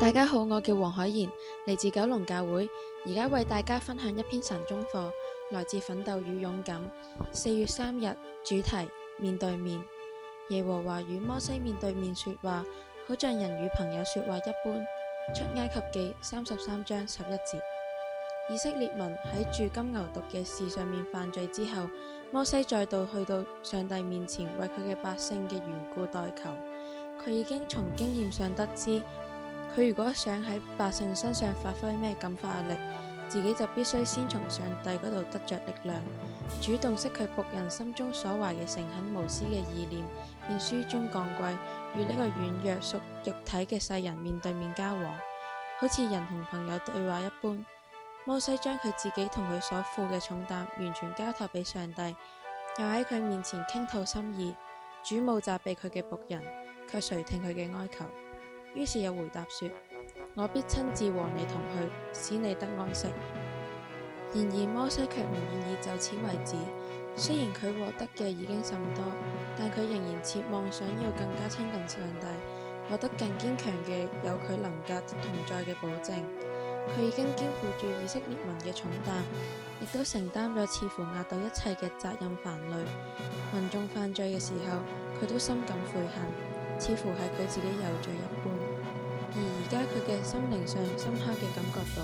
大家好，我叫黃海賢，嚟自九龍教會，而家為大家分享一篇神中課，來自《奮鬥與勇敢》四月三日主題：面對面。耶和華與摩西面對面說話，好像人與朋友說話一般。出埃及記三十三章十一節。以色列民喺鑄金牛犢嘅事上面犯罪之後，摩西再度去到上帝面前，為佢嘅百姓嘅緣故代求。佢已經從經驗上得知，佢如果想喺百姓身上發揮咩感化力，自己就必須先從上帝嗰度得着力量，主動失去僕人心中所懷嘅誠懇無私嘅意念，變紆尊降貴，與呢個軟弱屬肉體嘅世人面對面交往，好似人同朋友對話一般。摩西將佢自己同佢所負嘅重擔完全交託俾上帝，又喺佢面前傾吐心意。主母責備佢嘅僕人，卻垂聽佢嘅哀求，於是又回答說：我必親自和你同去，使你得安息。然而摩西卻唔願意就此為止，雖然佢獲得嘅已經甚多，但佢仍然設望想要更加親近上帝，獲得更堅強嘅有佢能格同在嘅保證。佢已經肩負住以色列民嘅重擔，亦都承擔咗似乎壓倒一切嘅責任煩累。民眾犯罪嘅時候，佢都深感悔恨，似乎係佢自己有罪一般。而而家佢嘅心靈上深刻嘅感覺到，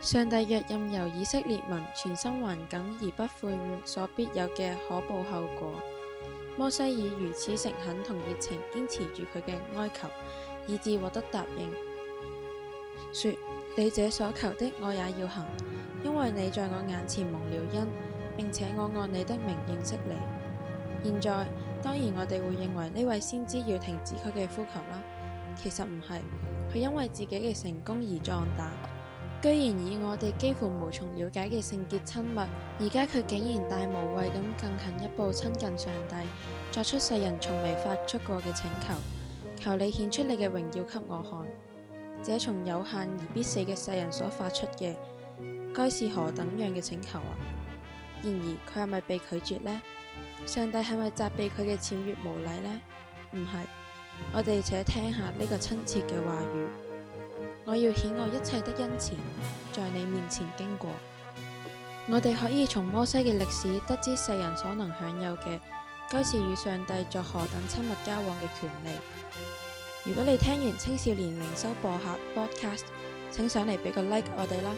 上帝若任由以色列民全心頑梗而不悔悟，所必有嘅可怖後果。摩西以如此誠懇同熱情堅持住佢嘅哀求，以致獲得答應，說。你這所求的我也要行，因為你在我眼前蒙了恩，並且我按你的名認識你。現在，當然我哋會認為呢位先知要停止佢嘅呼求啦。其實唔係，佢因為自己嘅成功而壯膽，居然以我哋幾乎無從了解嘅聖潔親密，而家佢竟然大無畏咁更近一步親近上帝，作出世人從未發出過嘅請求，求你顯出你嘅榮耀給我看。這從有限而必死嘅世人所發出嘅，該是何等樣嘅請求啊？然而佢係咪被拒絕呢？上帝係咪責備佢嘅僭越無禮呢？唔係，我哋且聽下呢個親切嘅話語：我要顯我一切的恩慈，在你面前經過。我哋可以從摩西嘅歷史得知世人所能享有嘅，該是與上帝作何等親密交往嘅權利。如果你聽完青少年靈修博客 podcast，請上嚟畀個 like 我哋啦。